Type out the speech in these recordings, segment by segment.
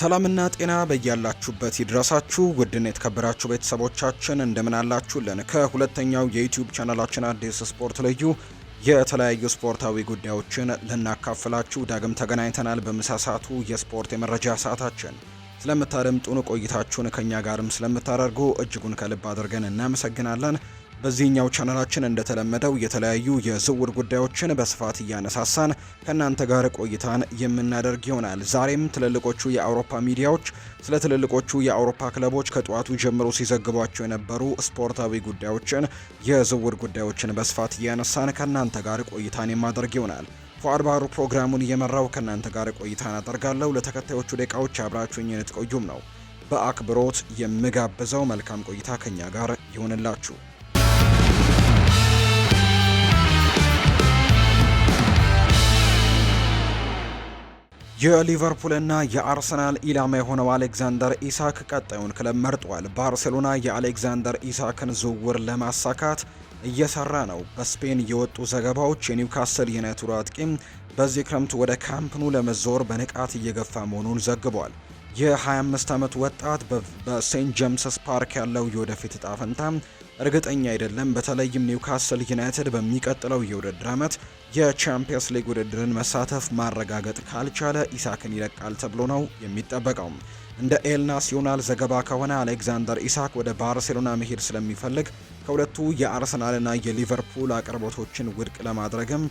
ሰላምና ጤና በያላችሁበት ይድረሳችሁ። ውድን የተከበራችሁ ቤተሰቦቻችን እንደምን አላችሁልን? ከሁለተኛው የዩቲዩብ ቻናላችን አዲስ ስፖርት ልዩ የተለያዩ ስፖርታዊ ጉዳዮችን ልናካፍላችሁ ዳግም ተገናኝተናል። በምሳሳቱ የስፖርት የመረጃ ሰዓታችን ስለምታደምጡን ቆይታችሁን ከእኛ ጋርም ስለምታደርጉ እጅጉን ከልብ አድርገን እናመሰግናለን። በዚህኛው ቻናላችን እንደተለመደው የተለያዩ የዝውውር ጉዳዮችን በስፋት እያነሳሳን ከእናንተ ጋር ቆይታን የምናደርግ ይሆናል። ዛሬም ትልልቆቹ የአውሮፓ ሚዲያዎች ስለ ትልልቆቹ የአውሮፓ ክለቦች ከጠዋቱ ጀምሮ ሲዘግቧቸው የነበሩ ስፖርታዊ ጉዳዮችን፣ የዝውውር ጉዳዮችን በስፋት እያነሳን ከእናንተ ጋር ቆይታን የማደርግ ይሆናል። ፉአድ ፕሮግራሙን እየመራው ከእናንተ ጋር ቆይታን አደርጋለሁ። ለተከታዮቹ ደቂቃዎች አብራችሁኝ እንድትቆዩም ነው በአክብሮት የምጋብዘው። መልካም ቆይታ ከኛ ጋር ይሆንላችሁ። የሊቨርፑልና የአርሰናል ኢላማ የሆነው አሌክዛንደር ኢሳክ ቀጣዩን ክለብ መርጧል። ባርሴሎና የአሌክዛንደር ኢሳክን ዝውውር ለማሳካት እየሰራ ነው። በስፔን የወጡ ዘገባዎች የኒውካስል ዩናይትድ አጥቂም በዚህ ክረምት ወደ ካምፕኑ ለመዘወር በንቃት እየገፋ መሆኑን ዘግቧል። የ25 ዓመት ወጣት በሴንት ጀምስስ ፓርክ ያለው የወደፊት እጣ ፈንታ እርግጠኛ አይደለም። በተለይም ኒውካስል ዩናይትድ በሚቀጥለው የውድድር ዓመት የቻምፒየንስ ሊግ ውድድርን መሳተፍ ማረጋገጥ ካልቻለ ኢሳክን ይለቃል ተብሎ ነው የሚጠበቀው። እንደ ኤልናሲዮናል ዘገባ ከሆነ አሌክዛንደር ኢሳክ ወደ ባርሴሎና መሄድ ስለሚፈልግ ከሁለቱ የአርሰናልና የሊቨርፑል አቅርቦቶችን ውድቅ ለማድረግም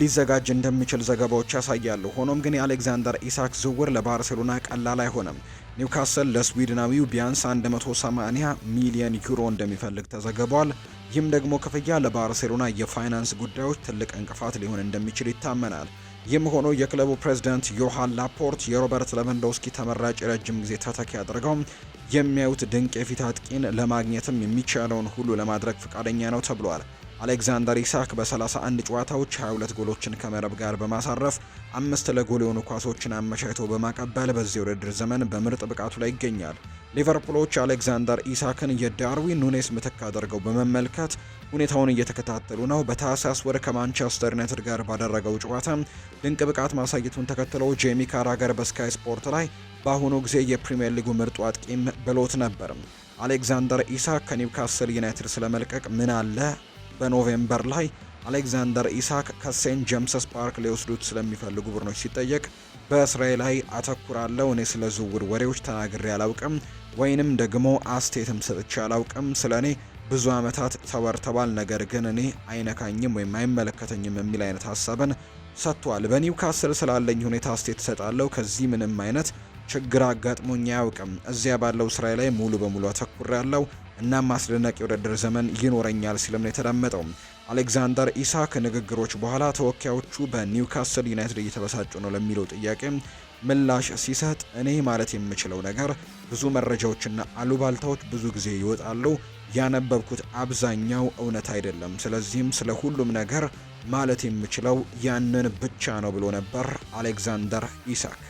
ሊዘጋጅ እንደሚችል ዘገባዎች ያሳያሉ። ሆኖም ግን የአሌክዛንደር ኢሳክ ዝውውር ለባርሴሎና ቀላል አይሆንም። ኒውካስል ለስዊድናዊው ቢያንስ 180 ሚሊዮን ዩሮ እንደሚፈልግ ተዘግቧል። ይህም ደግሞ ክፍያ ለባርሴሎና የፋይናንስ ጉዳዮች ትልቅ እንቅፋት ሊሆን እንደሚችል ይታመናል። ይህም ሆኖ የክለቡ ፕሬዝዳንት ዮሃን ላፖርት የሮበርት ለቨንዶስኪ ተመራጭ የረጅም ጊዜ ተተኪ አድርገው የሚያዩት ድንቅ የፊት አጥቂን ለማግኘትም የሚቻለውን ሁሉ ለማድረግ ፈቃደኛ ነው ተብሏል። አሌክዛንደር ኢሳክ በ31 ጨዋታዎች 22 ጎሎችን ከመረብ ጋር በማሳረፍ አምስት ለጎል የሆኑ ኳሶችን አመቻችቶ በማቀበል በዚህ ውድድር ዘመን በምርጥ ብቃቱ ላይ ይገኛል። ሊቨርፑሎች አሌክዛንደር ኢሳክን የዳርዊን ኑኔስ ምትክ አድርገው በመመልከት ሁኔታውን እየተከታተሉ ነው። በታህሳስ ወር ከማንቸስተር ዩናይትድ ጋር ባደረገው ጨዋታ ድንቅ ብቃት ማሳየቱን ተከትሎ ጄሚ ካራገር በስካይ ስፖርት ላይ በአሁኑ ጊዜ የፕሪምየር ሊጉ ምርጡ አጥቂም ብሎት ነበር። አሌክዛንደር ኢሳክ ከኒውካስል ዩናይትድ ስለመልቀቅ ምን አለ በኖቬምበር ላይ አሌክዛንደር ኢሳክ ከሴንት ጀምስስ ፓርክ ሊወስዱት ስለሚፈልጉ ቡድኖች ሲጠየቅ በእስራኤል ላይ አተኩራለው። እኔ ስለ ዝውውር ወሬዎች ተናግሬ አላውቅም ወይንም ደግሞ አስቴትም ሰጥቼ አላውቅም። ስለ እኔ ብዙ ዓመታት ተበርተባል ነገር ግን እኔ አይነካኝም ወይም አይመለከተኝም የሚል አይነት ሀሳብን ሰጥቷል። በኒውካስል ስላለኝ ሁኔታ አስቴት እሰጣለሁ። ከዚህ ምንም አይነት ችግር አጋጥሞኝ አያውቅም። እዚያ ባለው ስራ ላይ ሙሉ በሙሉ አተኩሬ ያለው እናም አስደናቂ ውድድር ዘመን ይኖረኛል ሲልም ነው የተዳመጠው። አሌክዛንደር ኢሳክ ንግግሮች በኋላ ተወካዮቹ በኒውካስል ዩናይትድ እየተበሳጩ ነው ለሚለው ጥያቄ ምላሽ ሲሰጥ እኔ ማለት የምችለው ነገር ብዙ መረጃዎችና አሉባልታዎች ብዙ ጊዜ ይወጣሉ። ያነበብኩት አብዛኛው እውነት አይደለም። ስለዚህም ስለ ሁሉም ነገር ማለት የምችለው ያንን ብቻ ነው ብሎ ነበር አሌክዛንደር ኢሳክ።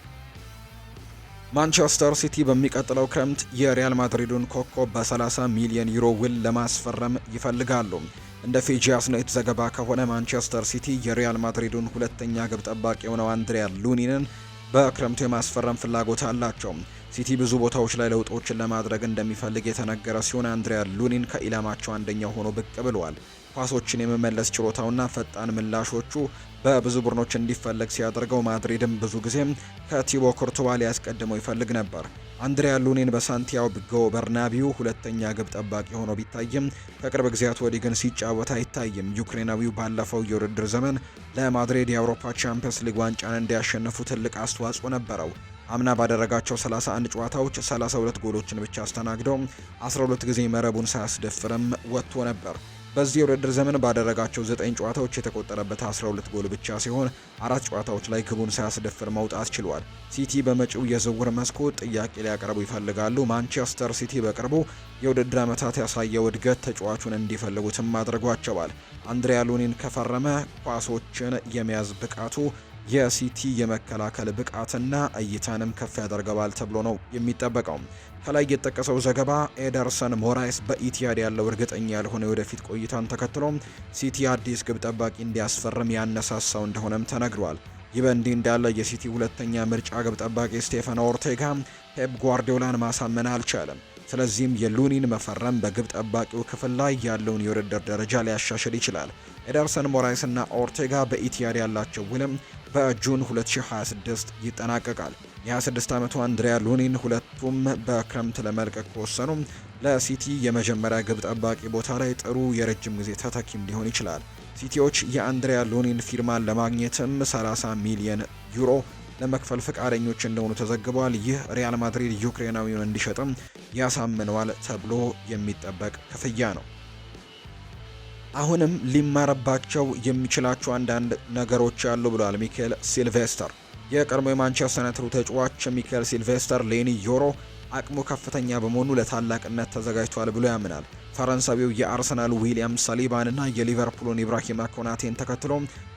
ማንቸስተር ሲቲ በሚቀጥለው ክረምት የሪያል ማድሪዱን ኮከብ በ30 ሚሊዮን ዩሮ ውል ለማስፈረም ይፈልጋሉ። እንደ ፊጂያስ ኔት ዘገባ ከሆነ ማንቸስተር ሲቲ የሪያል ማድሪዱን ሁለተኛ ግብ ጠባቂ የሆነው አንድሪያ ሉኒንን በክረምቱ የማስፈረም ፍላጎት አላቸው። ሲቲ ብዙ ቦታዎች ላይ ለውጦችን ለማድረግ እንደሚፈልግ የተነገረ ሲሆን አንድሪያ ሉኒን ከኢላማቸው አንደኛው ሆኖ ብቅ ብሏል። ኳሶችን የመመለስ ችሎታውና ፈጣን ምላሾቹ በብዙ ቡድኖች እንዲፈለግ ሲያደርገው ማድሪድም ብዙ ጊዜ ከቲቦ ኮርቱባ ሊያስቀድመው ይፈልግ ነበር። አንድሪያ ሉኒን በሳንቲያጎ በርናቢው ሁለተኛ ግብ ጠባቂ ሆኖ ቢታይም ከቅርብ ጊዜያት ወዲህ ግን ሲጫወት አይታይም። ዩክሬናዊው ባለፈው የውድድር ዘመን ለማድሪድ የአውሮፓ ቻምፒየንስ ሊግ ዋንጫን እንዲያሸንፉ ትልቅ አስተዋጽኦ ነበረው። አምና ባደረጋቸው 31 ጨዋታዎች 32 ጎሎችን ብቻ አስተናግደው 12 ጊዜ መረቡን ሳያስደፍርም ወጥቶ ነበር። በዚህ የውድድር ዘመን ባደረጋቸው ዘጠኝ ጨዋታዎች የተቆጠረበት 12 ጎል ብቻ ሲሆን አራት ጨዋታዎች ላይ ግቡን ሳያስደፍር መውጣት ችሏል። ሲቲ በመጪው የዝውውር መስኮት ጥያቄ ሊያቀርቡ ይፈልጋሉ። ማንቸስተር ሲቲ በቅርቡ የውድድር ዓመታት ያሳየው እድገት ተጫዋቹን እንዲፈልጉትም አድርጓቸዋል። አንድሪያ ሉኒን ከፈረመ ኳሶችን የመያዝ ብቃቱ የሲቲ የመከላከል ብቃትና እይታንም ከፍ ያደርገዋል ተብሎ ነው የሚጠበቀው። ከላይ የተጠቀሰው ዘገባ ኤደርሰን ሞራይስ በኢቲያድ ያለው እርግጠኛ ያልሆነ የወደፊት ቆይታን ተከትሎ ሲቲ አዲስ ግብ ጠባቂ እንዲያስፈርም ያነሳሳው እንደሆነም ተነግሯል። ይህ በእንዲህ እንዳለ የሲቲ ሁለተኛ ምርጫ ግብ ጠባቂ ስቴፈን ኦርቴጋ ፔፕ ጓርዲዮላን ማሳመን አልቻለም። ስለዚህም የሉኒን መፈረም በግብ ጠባቂው ክፍል ላይ ያለውን የውድድር ደረጃ ሊያሻሽል ይችላል። ኤደርሰን ሞራይስና ኦርቴጋ በኢቲያድ ያላቸው ውልም በጁን 2026 ይጠናቀቃል። የ26 ዓመቱ አንድሪያ ሉኒን ሁለቱም በክረምት ለመልቀቅ ከወሰኑ ለሲቲ የመጀመሪያ ግብ ጠባቂ ቦታ ላይ ጥሩ የረጅም ጊዜ ተተኪም ሊሆን ይችላል። ሲቲዎች የአንድሪያ ሉኒን ፊርማን ለማግኘትም 30 ሚሊየን ዩሮ ለመክፈል ፈቃደኞች እንደሆኑ ተዘግቧል። ይህ ሪያል ማድሪድ ዩክሬናዊውን እንዲሸጥም ያሳምነዋል ተብሎ የሚጠበቅ ክፍያ ነው። አሁንም ሊማረባቸው የሚችላቸው አንዳንድ ነገሮች አሉ ብሏል ሚኬል ሲልቬስተር። የቀድሞ የማንቸስተር ዩናይትድ ተጫዋች ሚካኤል ሲልቬስተር ሌኒ ዮሮ አቅሙ ከፍተኛ በመሆኑ ለታላቅነት ተዘጋጅቷል ብሎ ያምናል። ፈረንሳዊው የአርሰናል ዊሊያም እና የሊቨርፑሉን ኢብራሂማ ኮናቴን ተከትሎ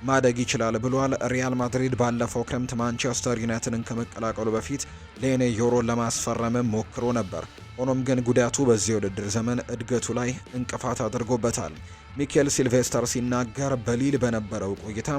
ማደግ ይችላል ብሏል። ሪያል ማድሪድ ባለፈው ክረምት ማንቸስተር ዩናይትድን ከመቀላቀሉ በፊት ሌኔ ዮሮን ለማስፈረም ሞክሮ ነበር። ሆኖም ግን ጉዳቱ በዚህ የውድድር ዘመን እድገቱ ላይ እንቅፋት አድርጎበታል። ሚኬል ሲልቬስተር ሲናገር በሊል በነበረው ቆይታ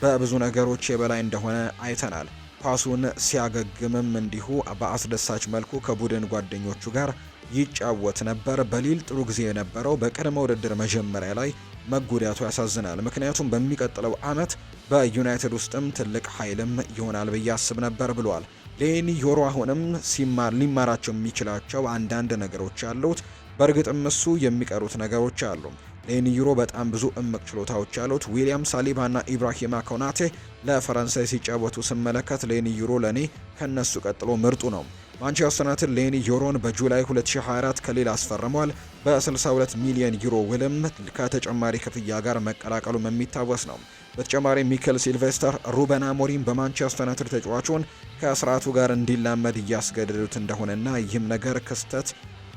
በብዙ ነገሮች የበላይ እንደሆነ አይተናል። ኳሱን ሲያገግምም እንዲሁ በአስደሳች መልኩ ከቡድን ጓደኞቹ ጋር ይጫወት ነበር። በሊል ጥሩ ጊዜ የነበረው በቅድመ ውድድር መጀመሪያ ላይ መጎዳቱ ያሳዝናል። ምክንያቱም በሚቀጥለው ዓመት በዩናይትድ ውስጥም ትልቅ ኃይልም ይሆናል ብዬ አስብ ነበር ብሏል። ሌኒ ዮሮ አሁንም ሲማር ሊማራቸው የሚችላቸው አንዳንድ ነገሮች አሉት። በእርግጥም እሱ የሚቀሩት ነገሮች አሉ። ሌኒ ዮሮ በጣም ብዙ እምቅ ችሎታዎች አሉት። ዊሊያም ሳሊባና ኢብራሂማ ኮናቴ ለፈረንሳይ ሲጫወቱ ስመለከት ሌኒ ዮሮ ለእኔ ከነሱ ቀጥሎ ምርጡ ነው። ማንቸስተር ዩናይትድ ሌኒ ዮሮን በጁላይ 2024 ከሌላ አስፈርሟል። በ62 ሚሊዮን ዩሮ ውልም ከተጨማሪ ክፍያ ጋር መቀላቀሉም የሚታወስ ነው። በተጨማሪም ሚኬል ሲልቬስተር ሩበን አሞሪም በማንቸስተር ዩናይትድ ተጫዋቹን ከስርዓቱ ጋር እንዲላመድ እያስገደዱት እንደሆነና ይህም ነገር ክስተት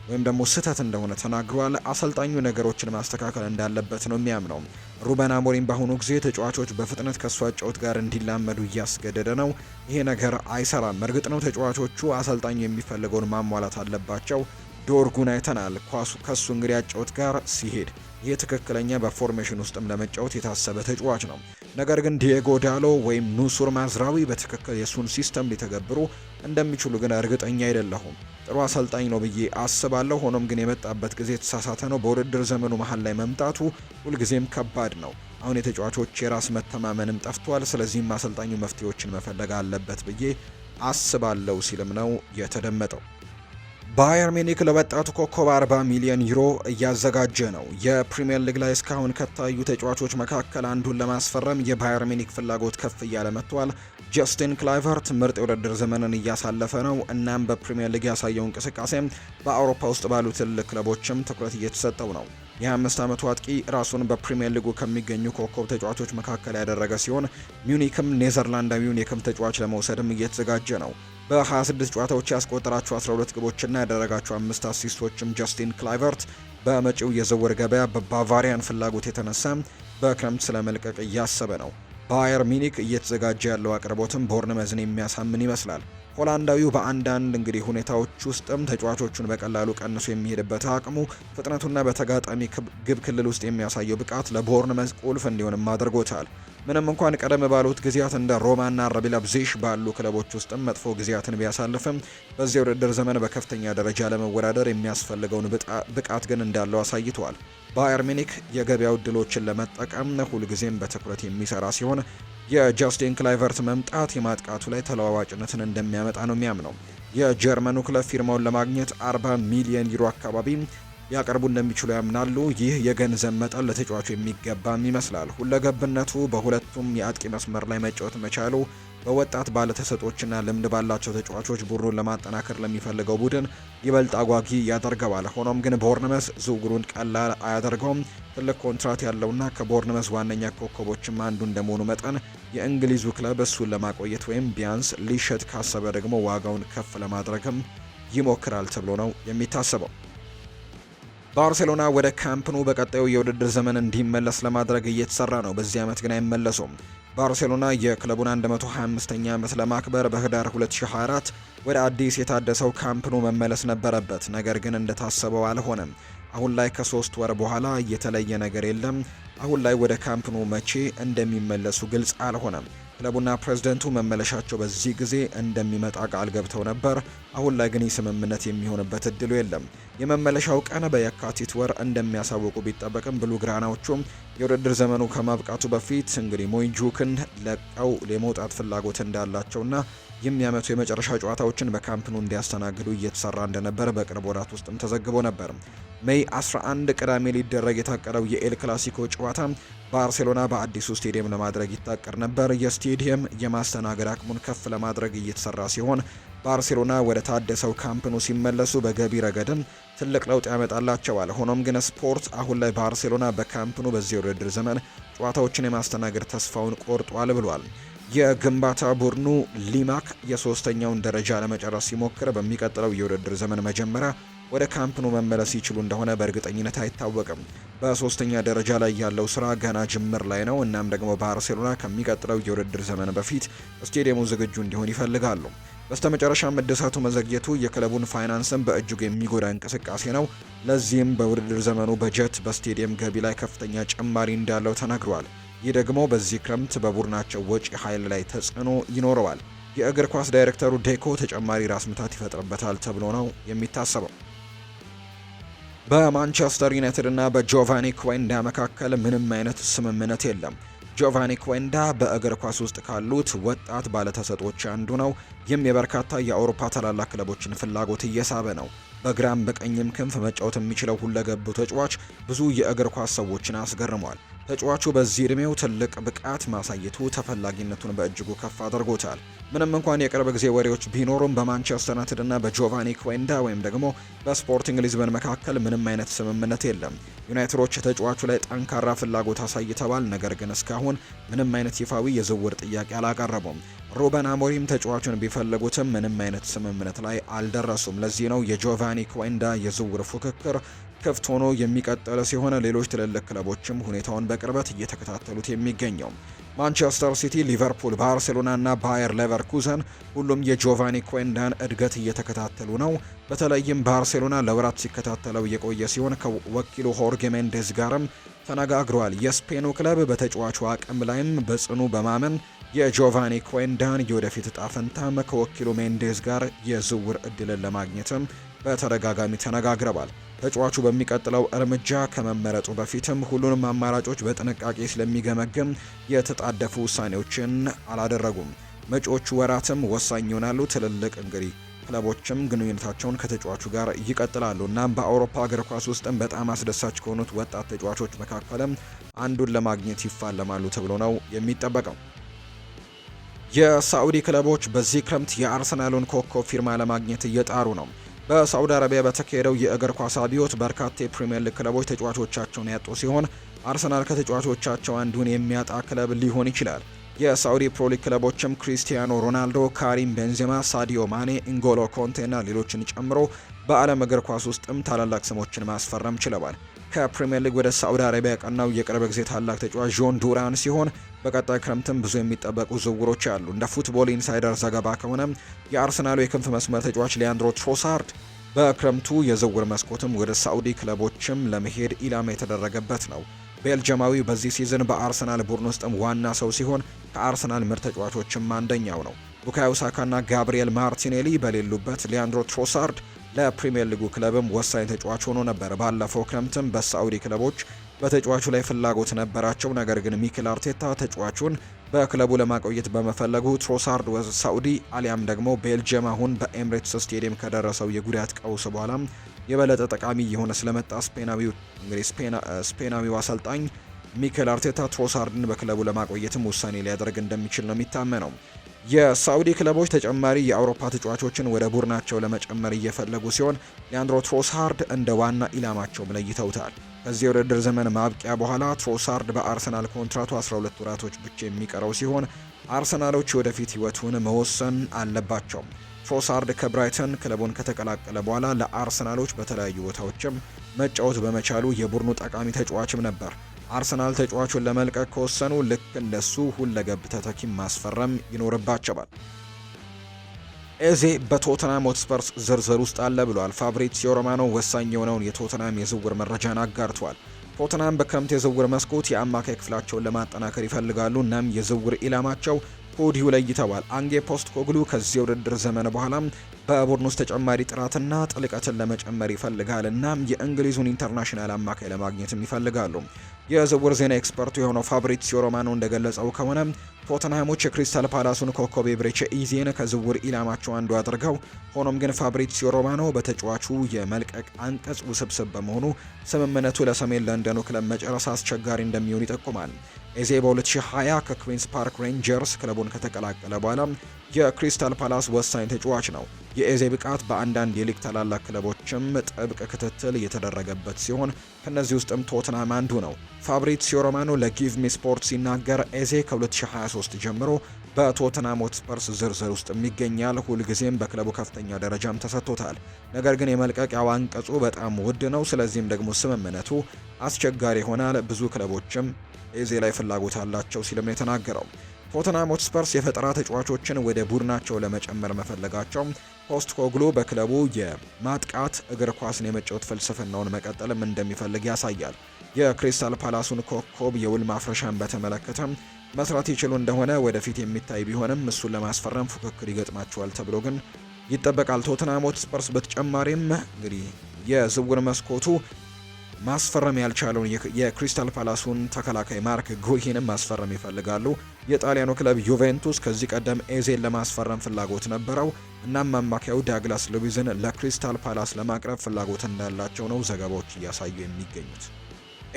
ወይም ደግሞ ስህተት እንደሆነ ተናግሯል። አሰልጣኙ ነገሮችን ማስተካከል እንዳለበት ነው የሚያምነው። ሩበን አሞሪም በአሁኑ ጊዜ ተጫዋቾች በፍጥነት ከእሱ አጨዋወት ጋር እንዲላመዱ እያስገደደ ነው። ይሄ ነገር አይሰራም። እርግጥ ነው ተጫዋቾቹ አሰልጣኙ የሚፈልገውን ማሟላት አለባቸው። ዶርጉን አይተናል። ኳሱ ከሱ እንግዲህ ጋር ሲሄድ ይህ ትክክለኛ በፎርሜሽን ውስጥም ለመጫወት የታሰበ ተጫዋች ነው። ነገር ግን ዲየጎ ዳሎ ወይም ኑሱር ማዝራዊ በትክክል የሱን ሲስተም ሊተገብሩ እንደሚችሉ ግን እርግጠኛ አይደለሁም። ጥሩ አሰልጣኝ ነው ብዬ አስባለሁ። ሆኖም ግን የመጣበት ጊዜ የተሳሳተ ነው። በውድድር ዘመኑ መሀል ላይ መምጣቱ ሁልጊዜም ከባድ ነው። አሁን የተጫዋቾች የራስ መተማመንም ጠፍቷል። ስለዚህም አሰልጣኙ መፍትሄዎችን መፈለግ አለበት ብዬ አስባለሁ ሲልም ነው የተደመጠው። ባየር ሚኒክ ለወጣቱ ኮከብ 40 ሚሊዮን ዩሮ እያዘጋጀ ነው። የፕሪምየር ሊግ ላይ እስካሁን ከታዩ ተጫዋቾች መካከል አንዱን ለማስፈረም የባየር ሚኒክ ፍላጎት ከፍ እያለ መጥቷል። ጀስቲን ክላይቨርት ምርጥ የውድድር ዘመንን እያሳለፈ ነው። እናም በፕሪምየር ሊግ ያሳየው እንቅስቃሴ በአውሮፓ ውስጥ ባሉ ትልቅ ክለቦችም ትኩረት እየተሰጠው ነው። የ25 ዓመቱ አጥቂ ራሱን በፕሪምየር ሊጉ ከሚገኙ ኮከብ ተጫዋቾች መካከል ያደረገ ሲሆን ሚዩኒክም ኔዘርላንዳዊውን የክም ተጫዋች ለመውሰድም እየተዘጋጀ ነው። በ26 ጨዋታዎች ያስቆጠራቸው 12 ግቦችና ያደረጋቸው አምስት አሲስቶችም ጀስቲን ክላይቨርት በመጪው የዝውውር ገበያ በባቫሪያን ፍላጎት የተነሳ በክረምት ስለመልቀቅ እያሰበ ነው። ባየር ሚኒክ እየተዘጋጀ ያለው አቅርቦትም ቦርንመዝን የሚያሳምን ይመስላል። ሆላንዳዊው በአንዳንድ እንግዲህ ሁኔታዎች ውስጥም ተጫዋቾቹን በቀላሉ ቀንሶ የሚሄድበት አቅሙ ፍጥነቱና በተጋጣሚ ግብ ክልል ውስጥ የሚያሳየው ብቃት ለቦርንመዝ ቁልፍ እንዲሆንም አድርጎታል። ምንም እንኳን ቀደም ባሉት ጊዜያት እንደ ሮማና ረቢ ባሉ ክለቦች ውስጥም መጥፎ ጊዜያትን ቢያሳልፍም በዚህ ውድድር ዘመን በከፍተኛ ደረጃ ለመወዳደር የሚያስፈልገውን ብቃት ግን እንዳለው አሳይተዋል። ባየር ሚኒክ የገበያው እድሎችን ለመጠቀም ሁልጊዜም በትኩረት የሚሰራ ሲሆን የጃስቲን ክላይቨርት መምጣት የማጥቃቱ ላይ ተለዋዋጭነትን እንደሚያመጣ ነው የሚያምነው። የጀርመኑ ክለብ ፊርማውን ለማግኘት 40 ሚሊዮን ዩሮ አካባቢ ሊያቀርቡ እንደሚችሉ ያምናሉ። ይህ የገንዘብ መጠን ለተጫዋቹ የሚገባም ይመስላል። ሁለገብነቱ በሁለቱም የአጥቂ መስመር ላይ መጫወት መቻሉ በወጣት ባለተሰጦችና ልምድ ባላቸው ተጫዋቾች ቡድኑን ለማጠናከር ለሚፈልገው ቡድን ይበልጥ አጓጊ ያደርገዋል። ሆኖም ግን ቦርንመስ ዝውውሩን ቀላል አያደርገውም። ትልቅ ኮንትራት ያለውና ከቦርንመስ ዋነኛ ኮከቦችም አንዱ እንደመሆኑ መጠን የእንግሊዙ ክለብ እሱን ለማቆየት ወይም ቢያንስ ሊሸጥ ካሰበ ደግሞ ዋጋውን ከፍ ለማድረግም ይሞክራል ተብሎ ነው የሚታሰበው። ባርሴሎና ወደ ካምፕኑ በቀጣዩ የውድድር ዘመን እንዲመለስ ለማድረግ እየተሰራ ነው። በዚህ ዓመት ግን አይመለሱም። ባርሴሎና የክለቡን 125ኛ ዓመት ለማክበር በህዳር 2024 ወደ አዲስ የታደሰው ካምፕኑ መመለስ ነበረበት። ነገር ግን እንደታሰበው አልሆነም። አሁን ላይ ከሶስት ወር በኋላ የተለየ ነገር የለም። አሁን ላይ ወደ ካምፕኑ መቼ እንደሚመለሱ ግልጽ አልሆነም። ክለቡና ፕሬዝደንቱ መመለሻቸው በዚህ ጊዜ እንደሚመጣ ቃል ገብተው ነበር። አሁን ላይ ግን ስምምነት የሚሆንበት እድሉ የለም። የመመለሻው ቀን በየካቲት ወር እንደሚያሳውቁ ቢጠበቅም ብሉ ግራናዎቹም የውድድር ዘመኑ ከማብቃቱ በፊት እንግዲህ ሞይጁክን ለቀው የመውጣት ፍላጎት እንዳላቸውና የሚያመቱ የመጨረሻ ጨዋታዎችን በካምፕኑ እንዲያስተናግዱ እየተሰራ እንደነበር በቅርብ ወራት ውስጥም ተዘግቦ ነበር። ሜይ 11 ቅዳሜ ሊደረግ የታቀደው የኤል ክላሲኮ ጨዋታ ባርሴሎና በአዲሱ ስቴዲየም ለማድረግ ይታቀድ ነበር። የስቴዲየም የማስተናገድ አቅሙን ከፍ ለማድረግ እየተሰራ ሲሆን ባርሴሎና ወደ ታደሰው ካምፕኑ ሲመለሱ በገቢ ረገድም ትልቅ ለውጥ ያመጣላቸዋል። ሆኖም ግን ስፖርት አሁን ላይ ባርሴሎና በካምፕኑ በዚህ ውድድር ዘመን ጨዋታዎችን የማስተናገድ ተስፋውን ቆርጧል ብሏል። የግንባታ ቡድኑ ሊማክ የሶስተኛውን ደረጃ ለመጨረስ ሲሞክር በሚቀጥለው የውድድር ዘመን መጀመሪያ ወደ ካምፕኑ መመለስ ይችሉ እንደሆነ በእርግጠኝነት አይታወቅም። በሶስተኛ ደረጃ ላይ ያለው ስራ ገና ጅምር ላይ ነው። እናም ደግሞ ባርሴሎና ከሚቀጥለው የውድድር ዘመን በፊት ስቴዲየሙ ዝግጁ እንዲሆን ይፈልጋሉ። በስተመጨረሻ እድሳቱ መዘግየቱ የክለቡን ፋይናንስን በእጅጉ የሚጎዳ እንቅስቃሴ ነው። ለዚህም በውድድር ዘመኑ በጀት በስቴዲየም ገቢ ላይ ከፍተኛ ጭማሪ እንዳለው ተነግሯል። ይህ ደግሞ በዚህ ክረምት በቡድናቸው ወጪ ኃይል ላይ ተጽዕኖ ይኖረዋል። የእግር ኳስ ዳይሬክተሩ ዴኮ ተጨማሪ ራስ ምታት ይፈጥርበታል ተብሎ ነው የሚታሰበው። በማንቸስተር ዩናይትድ እና በጆቫኒ ኩዌንዳ መካከል ምንም አይነት ስምምነት የለም። ጆቫኒ ኩዌንዳ በእግር ኳስ ውስጥ ካሉት ወጣት ባለተሰጦች አንዱ ነው። ይህም የበርካታ የአውሮፓ ታላላቅ ክለቦችን ፍላጎት እየሳበ ነው። በግራም በቀኝም ክንፍ መጫወት የሚችለው ሁለገቡ ተጫዋች ብዙ የእግር ኳስ ሰዎችን አስገርሟል። ተጫዋቹ በዚህ ዕድሜው ትልቅ ብቃት ማሳየቱ ተፈላጊነቱን በእጅጉ ከፍ አድርጎታል። ምንም እንኳን የቅርብ ጊዜ ወሬዎች ቢኖሩም በማንቸስተር ዩናይትድ እና በጆቫኒ ኩዌንዳ ወይም ደግሞ በስፖርቲንግ ሊዝበን መካከል ምንም አይነት ስምምነት የለም። ዩናይትዶች ተጫዋቹ ላይ ጠንካራ ፍላጎት አሳይተዋል፣ ነገር ግን እስካሁን ምንም አይነት ይፋዊ የዝውውር ጥያቄ አላቀረቡም። ሩበን አሞሪም ተጫዋቹን ቢፈልጉትም ምንም አይነት ስምምነት ላይ አልደረሱም። ለዚህ ነው የጆቫኒ ኩዌንዳ የዝውውር ፉክክር ክፍት ሆኖ የሚቀጥል ሲሆን ሌሎች ትልልቅ ክለቦችም ሁኔታውን በቅርበት እየተከታተሉት የሚገኘው። ማንቸስተር ሲቲ፣ ሊቨርፑል፣ ባርሴሎና እና ባየር ሌቨርኩዘን ሁሉም የጆቫኒ ኮንዳን እድገት እየተከታተሉ ነው። በተለይም ባርሴሎና ለወራት ሲከታተለው የቆየ ሲሆን ከወኪሉ ሆርጌ ሜንዴዝ ጋርም ተነጋግሯል። የስፔኑ ክለብ በተጫዋቹ አቅም ላይም በጽኑ በማመን የጆቫኒ ኮንዳን የወደፊት እጣ ፈንታም ከወኪሉ ሜንዴዝ ጋር የዝውውር እድልን ለማግኘትም በተደጋጋሚ ተነጋግረዋል። ተጫዋቹ በሚቀጥለው እርምጃ ከመመረጡ በፊትም ሁሉንም አማራጮች በጥንቃቄ ስለሚገመግም የተጣደፉ ውሳኔዎችን አላደረጉም። መጪዎቹ ወራትም ወሳኝ ይሆናሉ። ትልልቅ እንግዲህ ክለቦችም ግንኙነታቸውን ከተጫዋቹ ጋር ይቀጥላሉ እና በአውሮፓ እግር ኳስ ውስጥም በጣም አስደሳች ከሆኑት ወጣት ተጫዋቾች መካከልም አንዱን ለማግኘት ይፋለማሉ ተብሎ ነው የሚጠበቀው። የሳዑዲ ክለቦች በዚህ ክረምት የአርሰናሉን ኮከብ ፊርማ ለማግኘት እየጣሩ ነው። በሳዑዲ አረቢያ በተካሄደው የእግር ኳስ አብዮት በርካታ የፕሪምየር ሊግ ክለቦች ተጫዋቾቻቸውን ያጡ ሲሆን አርሰናል ከተጫዋቾቻቸው አንዱን የሚያጣ ክለብ ሊሆን ይችላል። የሳዑዲ ፕሮ ክለቦችም ክሪስቲያኖ ሮናልዶ፣ ካሪም ቤንዜማ፣ ሳዲዮ ማኔ፣ ኢንጎሎ ኮንቴና ሌሎችን ጨምሮ በዓለም እግር ኳስ ውስጥም ታላላቅ ስሞችን ማስፈረም ችለዋል። ከፕሪምየር ሊግ ወደ ሳዑዲ አረቢያ ቀናው የቅርብ ጊዜ ታላቅ ተጫዋች ዦን ዱራን ሲሆን በቀጣይ ክረምትም ብዙ የሚጠበቁ ዝውውሮች አሉ። እንደ ፉትቦል ኢንሳይደር ዘገባ ከሆነ የአርሰናሉ የክንፍ መስመር ተጫዋች ሊያንድሮ ትሮሳርድ በክረምቱ የዝውውር መስኮትም ወደ ሳዑዲ ክለቦችም ለመሄድ ኢላማ የተደረገበት ነው። ቤልጅማዊ በዚህ ሲዝን በአርሰናል ቡድን ውስጥም ዋና ሰው ሲሆን ከአርሰናል ምርጥ ተጫዋቾችም አንደኛው ነው። ቡካዮ ሳካና ጋብሪኤል ማርቲኔሊ በሌሉበት ሊያንድሮ ትሮሳርድ ለፕሪምየር ሊጉ ክለብም ወሳኝ ተጫዋች ሆኖ ነበር። ባለፈው ክረምትም በሳዑዲ ክለቦች በተጫዋቹ ላይ ፍላጎት ነበራቸው። ነገር ግን ሚኬል አርቴታ ተጫዋቹን በክለቡ ለማቆየት በመፈለጉ ትሮሳርድ ወዝ ሳዑዲ አሊያም ደግሞ ቤልጅየም አሁን በኤምሬትስ ስቴዲየም ከደረሰው የጉዳት ቀውስ በኋላ የበለጠ ጠቃሚ የሆነ ስለመጣ ስፔናዊው እንግዲህ ስፔናዊው አሰልጣኝ ሚኬል አርቴታ ትሮሳርድን በክለቡ ለማቆየትም ውሳኔ ሊያደርግ እንደሚችል ነው የሚታመነው። የሳውዲ ክለቦች ተጨማሪ የአውሮፓ ተጫዋቾችን ወደ ቡድናቸው ለመጨመር እየፈለጉ ሲሆን ሊያንድሮ ትሮሳርድ እንደ ዋና ኢላማቸውም ለይተውታል። ከዚህ የውድድር ዘመን ማብቂያ በኋላ ትሮሳርድ በአርሰናል ኮንትራቱ 12 ወራቶች ብቻ የሚቀረው ሲሆን አርሰናሎች ወደፊት ሕይወቱን መወሰን አለባቸው ትሮሳርድ ከብራይተን ክለቡን ከተቀላቀለ በኋላ ለአርሰናሎች በተለያዩ ቦታዎችም መጫወት በመቻሉ የቡድኑ ጠቃሚ ተጫዋችም ነበር። አርሰናል ተጫዋቹን ለመልቀቅ ከወሰኑ ልክ እንደሱ ሁለገብ ተተኪ ማስፈረም ይኖርባቸዋል። ኤዜ በቶተናም ሆትስፐርስ ዝርዝር ውስጥ አለ ብሏል። ፋብሪዚዮ ሮማኖ ወሳኝ የሆነውን የቶተናም የዝውውር መረጃን አጋርቷል። ቶተናም በክረምት የዝውውር መስኮት የአማካይ ክፍላቸውን ለማጠናከር ይፈልጋሉ። እናም የዝውውር ኢላማቸው ከወዲሁ ለይተዋል። አንጌ ፖስት ኮግሉ ከዚህ ውድድር ዘመን በኋላ በቡድን ውስጥ ተጨማሪ ጥራትና ጥልቀትን ለመጨመር ይፈልጋል። እናም የእንግሊዙን ኢንተርናሽናል አማካይ ለማግኘትም ይፈልጋሉ። የዝውውር ዜና ኤክስፐርቱ የሆነው ፋብሪዚዮ ሮማኖ እንደገለጸው ከሆነ ቶተንሃሞች የክሪስታል ፓላሱን ኮከብ ኤቤሬቺ ኢዜን ከዝውውር ኢላማቸው አንዱ አድርገው፣ ሆኖም ግን ፋብሪዚዮ ሮማኖ በተጫዋቹ የመልቀቅ አንቀጽ ውስብስብ በመሆኑ ስምምነቱ ለሰሜን ለንደኑ ክለብ መጨረስ አስቸጋሪ እንደሚሆን ይጠቁማል። ኤዜ በ2020 ከኩዊንስ ፓርክ ሬንጀርስ ክለቡን ከተቀላቀለ በኋላ የክሪስታል ፓላስ ወሳኝ ተጫዋች ነው። የኤዜ ብቃት በአንዳንድ የሊግ ታላላቅ ክለቦችም ጥብቅ ክትትል እየተደረገበት ሲሆን ከእነዚህ ውስጥም ቶትናም አንዱ ነው። ፋብሪዚዮ ሮማኖ ለጊቭ ሚ ስፖርት ሲናገር ኤዜ ከ2023 ጀምሮ በቶትናም ሆትስፐርስ ዝርዝር ውስጥ የሚገኛል። ሁልጊዜም በክለቡ ከፍተኛ ደረጃም ተሰጥቶታል። ነገር ግን የመልቀቂያ አንቀጹ በጣም ውድ ነው። ስለዚህም ደግሞ ስምምነቱ አስቸጋሪ ይሆናል። ብዙ ክለቦችም ኤዜ ላይ ፍላጎት አላቸው ሲልም ነው የተናገረው። ቶተናም ሆትስፐርስ የፈጠራ ተጫዋቾችን ወደ ቡድናቸው ለመጨመር መፈለጋቸው ፖስት ኮግሎ በክለቡ የማጥቃት እግር ኳስን የመጫወት ፍልስፍናውን መቀጠልም እንደሚፈልግ ያሳያል። የክሪስታል ፓላሱን ኮከብ የውል ማፍረሻን በተመለከተ መስራት ይችሉ እንደሆነ ወደፊት የሚታይ ቢሆንም እሱን ለማስፈረም ፉክክር ይገጥማቸዋል ተብሎ ግን ይጠበቃል። ቶተንሃም ሆትስፐርስ በተጨማሪም እንግዲህ የዝውውር መስኮቱ ማስፈረም ያልቻለውን የክሪስታል ፓላሱን ተከላካይ ማርክ ጉሂንም ማስፈረም ይፈልጋሉ። የጣሊያኑ ክለብ ዩቬንቱስ ከዚህ ቀደም ኤዜን ለማስፈረም ፍላጎት ነበረው። እናም አማካዩ ዳግላስ ሉዊዝን ለክሪስታል ፓላስ ለማቅረብ ፍላጎት እንዳላቸው ነው ዘገባዎች እያሳዩ የሚገኙት።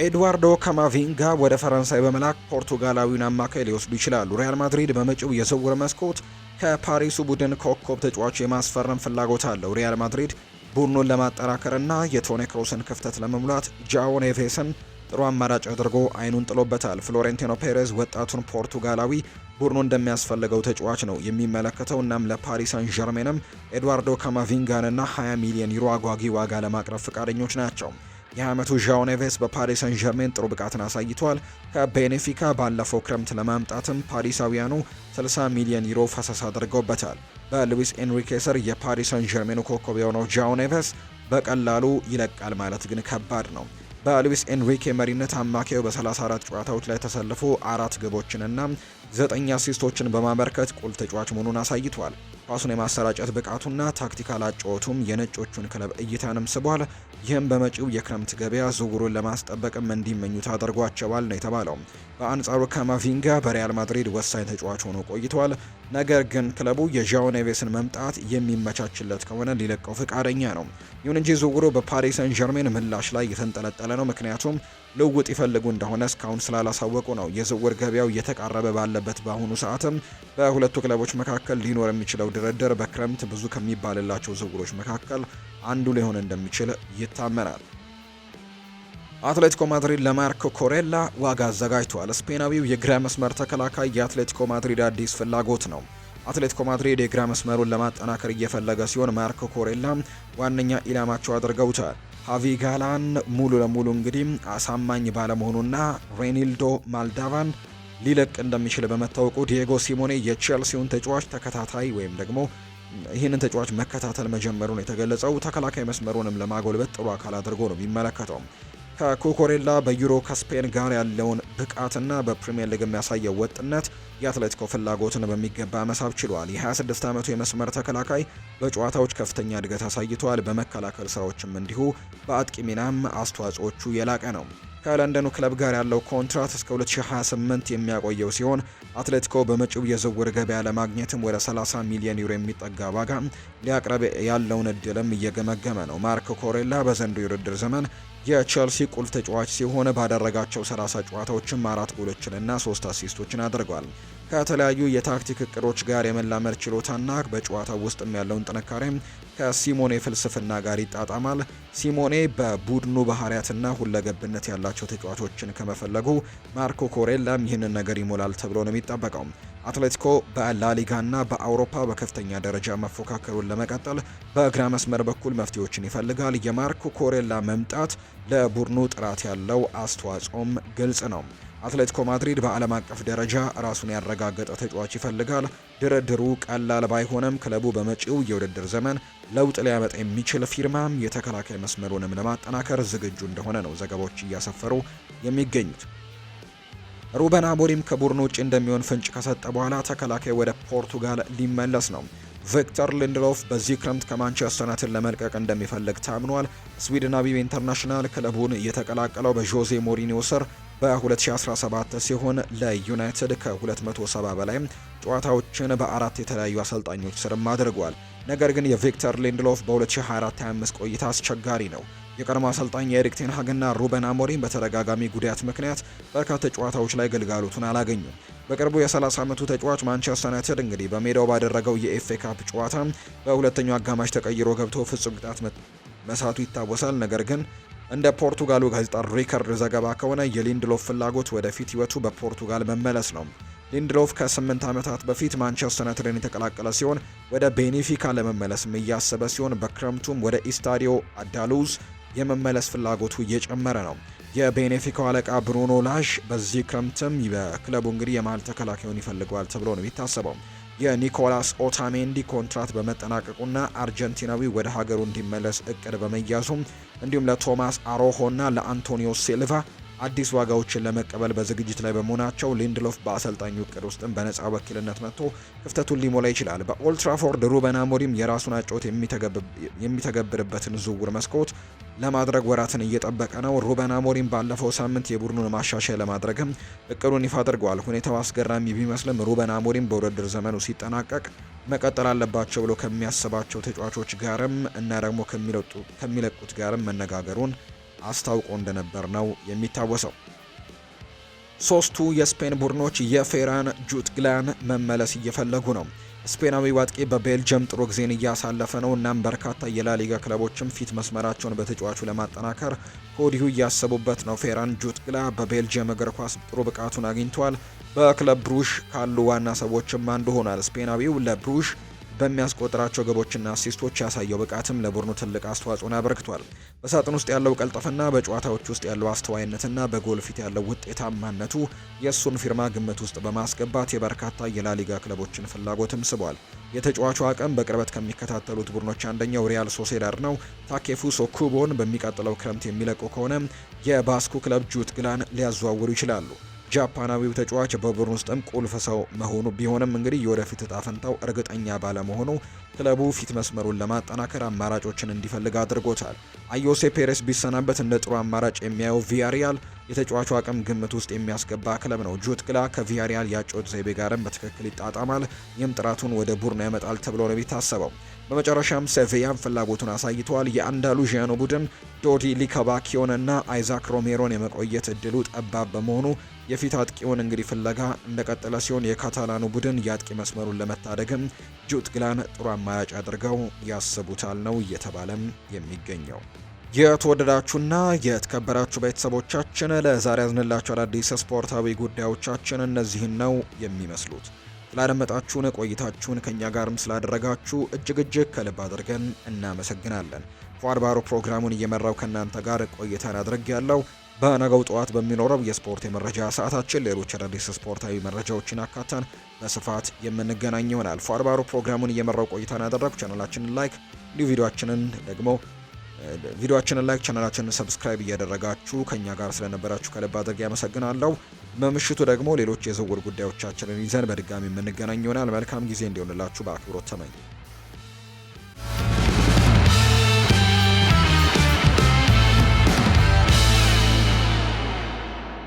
ኤድዋርዶ ካማቪንጋ ወደ ፈረንሳይ በመላክ ፖርቱጋላዊውን አማካይ ሊወስዱ ይችላሉ። ሪያል ማድሪድ በመጪው የዝውውር መስኮት ከፓሪሱ ቡድን ኮከብ ተጫዋች የማስፈረም ፍላጎት አለው። ሪያል ማድሪድ ቡድኑን ለማጠናከርና የቶኒ ክሮስን ክፍተት ለመሙላት ጃኦ ኔቬስም ጥሩ አማራጭ አድርጎ አይኑን ጥሎበታል። ፍሎሬንቲኖ ፔሬዝ ወጣቱን ፖርቱጋላዊ ቡድኑ እንደሚያስፈልገው ተጫዋች ነው የሚመለከተው። እናም ለፓሪስ ሳን ዠርሜንም ኤድዋርዶ ካማቪንጋንና 20 ሚሊዮን ዩሮ አጓጊ ዋጋ ለማቅረብ ፈቃደኞች ናቸው። የአመቱ ዣኦ ኔቬስ በፓሪስ ሰን ዠርሜን ጥሩ ብቃትን አሳይቷል። ከቤኔፊካ ባለፈው ክረምት ለማምጣትም ፓሪሳውያኑ 60 ሚሊዮን ዩሮ ፈሰስ አድርገውበታል። በሉዊስ ኤንሪኬ ስር የፓሪስ ሰን ዠርሜኑ ኮከብ የሆነው ዣኦ ኔቬስ በቀላሉ ይለቃል ማለት ግን ከባድ ነው። በሉዊስ ኤንሪኬ መሪነት አማካዩ በ34 ጨዋታዎች ላይ ተሰልፎ አራት ግቦችንና ዘጠኝ አሲስቶችን በማበርከት ቁልፍ ተጫዋች መሆኑን አሳይቷል። ኳሱን የማሰራጨት ብቃቱና ታክቲካል አጫወቱም የነጮቹን ክለብ እይታንም ስቧል። ይህም በመጪው የክረምት ገበያ ዝውውሩን ለማስጠበቅም እንዲመኙ ታደርጓቸዋል ነው የተባለው። በአንጻሩ ካማቪንጋ በሪያል ማድሪድ ወሳኝ ተጫዋች ሆኖ ቆይቷል። ነገር ግን ክለቡ የዣኦ ኔቬስን መምጣት የሚመቻችለት ከሆነ ሊለቀው ፈቃደኛ ነው። ይሁን እንጂ ዝውውሩ በፓሪስ ሰን ዠርሜን ምላሽ ላይ የተንጠለጠለ ነው። ምክንያቱም ልውውጥ ይፈልጉ እንደሆነ እስካሁን ስላላሳወቁ ነው። የዝውውር ገበያው እየተቃረበ ባለበት በአሁኑ ሰዓትም በሁለቱ ክለቦች መካከል ሊኖር የሚችለው ድርድር በክረምት ብዙ ከሚባልላቸው ዝውውሮች መካከል አንዱ ሊሆን እንደሚችል ይታመናል። አትሌቲኮ ማድሪድ ለማርኮ ኮሬላ ዋጋ አዘጋጅቷል። ስፔናዊው የግራ መስመር ተከላካይ የአትሌቲኮ ማድሪድ አዲስ ፍላጎት ነው። አትሌቲኮ ማድሪድ የግራ መስመሩን ለማጠናከር እየፈለገ ሲሆን ማርኮ ኮሬላ ዋነኛ ኢላማቸው አድርገውታል። ሃቪ ጋላን ሙሉ ለሙሉ እንግዲህ አሳማኝ ባለመሆኑና ሬኒልዶ ማልዳቫን ሊለቅ እንደሚችል በመታወቁ ዲየጎ ሲሞኔ የቼልሲውን ተጫዋች ተከታታይ ወይም ደግሞ ይህንን ተጫዋች መከታተል መጀመሩን የተገለጸው ተከላካይ መስመሩንም ለማጎልበት ጥሩ አካል አድርጎ ነው የሚመለከተው። ከኮኮሬላ በዩሮ ከስፔን ጋር ያለውን ብቃትና በፕሪምየር ሊግ የሚያሳየው ወጥነት የአትሌቲኮ ፍላጎትን በሚገባ መሳብ ችሏል። የ26 ዓመቱ የመስመር ተከላካይ በጨዋታዎች ከፍተኛ እድገት አሳይቷል። በመከላከል ስራዎችም እንዲሁ በአጥቂ ሚናም አስተዋጽኦቹ የላቀ ነው። ከለንደኑ ክለብ ጋር ያለው ኮንትራት እስከ 2028 የሚያቆየው ሲሆን አትሌቲኮ በመጪው የዝውውር ገበያ ለማግኘትም ወደ 30 ሚሊዮን ዩሮ የሚጠጋ ዋጋ ሊያቅረብ ያለውን እድልም እየገመገመ ነው። ማርክ ኮሬላ በዘንዶ የውድድር ዘመን የቼልሲ ቁልፍ ተጫዋች ሲሆን ባደረጋቸው 30 ጨዋታዎችም አራት ጎሎችንና ሶስት አሲስቶችን አድርጓል። ከተለያዩ የታክቲክ እቅዶች ጋር የመላመድ ችሎታና በጨዋታው ውስጥም ያለውን ጥንካሬም ከሲሞኔ ፍልስፍና ጋር ይጣጣማል። ሲሞኔ በቡድኑ ባህሪያትና ሁለገብነት ያላቸው ተጫዋቾችን ከመፈለጉ ማርኮ ኮሬላም ይህንን ነገር ይሞላል ተብሎ ነው የሚጠበቀው። አትሌቲኮ በላሊጋና በአውሮፓ በከፍተኛ ደረጃ መፎካከሩን ለመቀጠል በግራ መስመር በኩል መፍትሄዎችን ይፈልጋል። የማርኮ ኮሬላ መምጣት ለቡድኑ ጥራት ያለው አስተዋጽኦም ግልጽ ነው። አትሌቲኮ ማድሪድ በዓለም አቀፍ ደረጃ ራሱን ያረጋገጠ ተጫዋች ይፈልጋል። ድርድሩ ቀላል ባይሆንም ክለቡ በመጪው የውድድር ዘመን ለውጥ ሊያመጣ የሚችል ፊርማም የተከላካይ መስመሩንም ለማጠናከር ዝግጁ እንደሆነ ነው ዘገባዎች እያሰፈሩ የሚገኙት። ሩበን አሞሪም ከቡድን ውጭ እንደሚሆን ፍንጭ ከሰጠ በኋላ ተከላካይ ወደ ፖርቱጋል ሊመለስ ነው። ቪክተር ሊንድሎፍ በዚህ ክረምት ከማንቸስተር ዩናይትድ ለመልቀቅ እንደሚፈልግ ታምኗል። ስዊድናዊው ኢንተርናሽናል ክለቡን የተቀላቀለው በዦዜ ሞሪኒዮ ስር በ2017 ሲሆን ለዩናይትድ ከ270 በላይ ጨዋታዎችን በአራት የተለያዩ አሰልጣኞች ስርም አድርጓል። ነገር ግን የቪክተር ሊንድሎፍ በ2024/25 ቆይታ አስቸጋሪ ነው። የቀድሞ አሰልጣኝ የኤሪክ ቴንሃግና ሩበን አሞሪም በተደጋጋሚ ጉዳት ምክንያት በርካታ ጨዋታዎች ላይ ግልጋሎቱን አላገኙም። በቅርቡ የ30 ዓመቱ ተጫዋች ማንቸስተር ዩናይትድ እንግዲህ በሜዳው ባደረገው የኤፍኤ ካፕ ጨዋታ በሁለተኛው አጋማሽ ተቀይሮ ገብቶ ፍጹም ቅጣት መሳቱ ይታወሳል። ነገር ግን እንደ ፖርቱጋሉ ጋዜጣ ሪከርድ ዘገባ ከሆነ የሊንድሎፍ ፍላጎት ወደፊት ህይወቱ በፖርቱጋል መመለስ ነው። ሊንድሎፍ ከ8 ዓመታት በፊት ማንቸስተር ዩናይትድን የተቀላቀለ ሲሆን ወደ ቤኔፊካ ለመመለስም እያሰበ ሲሆን በክረምቱም ወደ ኢስታዲዮ አዳሉዝ የመመለስ ፍላጎቱ እየጨመረ ነው። የቤኔፊካው አለቃ ብሩኖ ላሽ በዚህ ክረምትም በክለቡ እንግዲህ የመሀል ተከላካዩን ይፈልገዋል ተብሎ ነው የሚታሰበው። የኒኮላስ ኦታሜንዲ ኮንትራት በመጠናቀቁና አርጀንቲናዊ ወደ ሀገሩ እንዲመለስ እቅድ በመያዙ እንዲሁም ለቶማስ አሮሆና ለአንቶኒዮ ሲልቫ አዲስ ዋጋዎችን ለመቀበል በዝግጅት ላይ በመሆናቸው ሊንድሎፍ በአሰልጣኙ እቅድ ውስጥም በነፃ ወኪልነት መጥቶ ክፍተቱን ሊሞላ ይችላል። በኦልትራፎርድ ሩበን አሞሪም የራሱን አጨዋወት የሚተገብርበትን ዝውውር መስኮት ለማድረግ ወራትን እየጠበቀ ነው። ሩበን አሞሪም ባለፈው ሳምንት የቡድኑን ማሻሻያ ለማድረግም እቅዱን ይፋ አድርገዋል። ሁኔታው አስገራሚ ቢመስልም ሩበን አሞሪም በውድድር ዘመኑ ሲጠናቀቅ መቀጠል አለባቸው ብሎ ከሚያስባቸው ተጫዋቾች ጋርም እና ደግሞ ከሚለቁት ጋርም መነጋገሩን አስታውቆ እንደነበር ነው የሚታወሰው። ሶስቱ የስፔን ቡድኖች የፌራን ጁትግላን መመለስ እየፈለጉ ነው። ስፔናዊ ዋጥቂ በቤልጅየም ጥሩ ጊዜን እያሳለፈ ነው። እናም በርካታ የላሊጋ ክለቦችም ፊት መስመራቸውን በተጫዋቹ ለማጠናከር ከወዲሁ እያሰቡበት ነው። ፌራን ጁትግላ በቤልጅየም እግር ኳስ ጥሩ ብቃቱን አግኝቷል። በክለብ ብሩሽ ካሉ ዋና ሰዎችም አንዱ ሆኗል። ስፔናዊው ለብሩሽ በሚያስቆጥራቸው ግቦችና አሲስቶች ያሳየው ብቃትም ለቡድኑ ትልቅ አስተዋጽኦን አበርክቷል። በሳጥን ውስጥ ያለው ቀልጠፍና በጨዋታዎች ውስጥ ያለው አስተዋይነትና በጎል ፊት ያለው ውጤታማነቱ የእሱን ፊርማ ግምት ውስጥ በማስገባት የበርካታ የላሊጋ ክለቦችን ፍላጎትም ስቧል። የተጫዋቹ አቅም በቅርበት ከሚከታተሉት ቡድኖች አንደኛው ሪያል ሶሴዳድ ነው። ታኬፉሶ ኩቦን በሚቀጥለው ክረምት የሚለቁ ከሆነ የባስኩ ክለብ ጁት ግላን ሊያዘዋውሩ ይችላሉ። ጃፓናዊው ተጫዋች በቡድን ውስጥም ቁልፍ ሰው መሆኑ ቢሆንም እንግዲህ የወደፊት እጣ ፈንታው እርግጠኛ ባለመሆኑ ክለቡ ፊት መስመሩን ለማጠናከር አማራጮችን እንዲፈልግ አድርጎታል። አዮሴ ፔሬስ ቢሰናበት እንደ ጥሩ አማራጭ የሚያየው ቪያሪያል የተጫዋቹ አቅም ግምት ውስጥ የሚያስገባ ክለብ ነው። ጁት ግላ ከቪያሪያል ያጮት ዘይቤ ጋርም በትክክል ይጣጣማል። ይህም ጥራቱን ወደ ቡድኑ ያመጣል ተብሎ ነው የሚታሰበው። በመጨረሻም ሴቪያን ፍላጎቱን አሳይተዋል። የአንዳሉዥያኑ ቡድን ዶዲ ሊካባኪዮንና አይዛክ ሮሜሮን የመቆየት እድሉ ጠባብ በመሆኑ የፊት አጥቂውን እንግዲህ ፍለጋ እንደቀጠለ ሲሆን የካታላኑ ቡድን የአጥቂ መስመሩን ለመታደግም ጁት ግላን ጥሩ አማራጭ አድርገው ያስቡታል ነው እየተባለም የሚገኘው። የተወደዳችሁና የተከበራችሁ ቤተሰቦቻችን ለዛሬ ያዝንላችሁ አዳዲስ ስፖርታዊ ጉዳዮቻችን እነዚህን ነው የሚመስሉት። ስላደመጣችሁን ቆይታችሁን ከእኛ ጋርም ስላደረጋችሁ እጅግ እጅግ ከልብ አድርገን እናመሰግናለን። ፏድባሮ ፕሮግራሙን እየመራው ከእናንተ ጋር ቆይታን አድርግ ያለው በነገው ጠዋት በሚኖረው የስፖርት የመረጃ ሰዓታችን ሌሎች አዳዲስ ስፖርታዊ መረጃዎችን አካተን በስፋት የምንገናኝ ይሆናል። ፏድባሮ ፕሮግራሙን እየመራው ቆይታን ያደረጉ ቻናላችንን ላይክ እንዲሁ ቪዲዮችንን ደግሞ ቪዲዮአችንን ላይክ ቻናላችንን ሰብስክራይብ እያደረጋችሁ ከኛ ጋር ስለነበራችሁ ከልብ አድርጌ አመሰግናለሁ። በምሽቱ ደግሞ ሌሎች የዝውውር ጉዳዮቻችንን ይዘን በድጋሚ የምንገናኝ ይሆናል። መልካም ጊዜ እንዲሆንላችሁ በአክብሮት ተመኘ።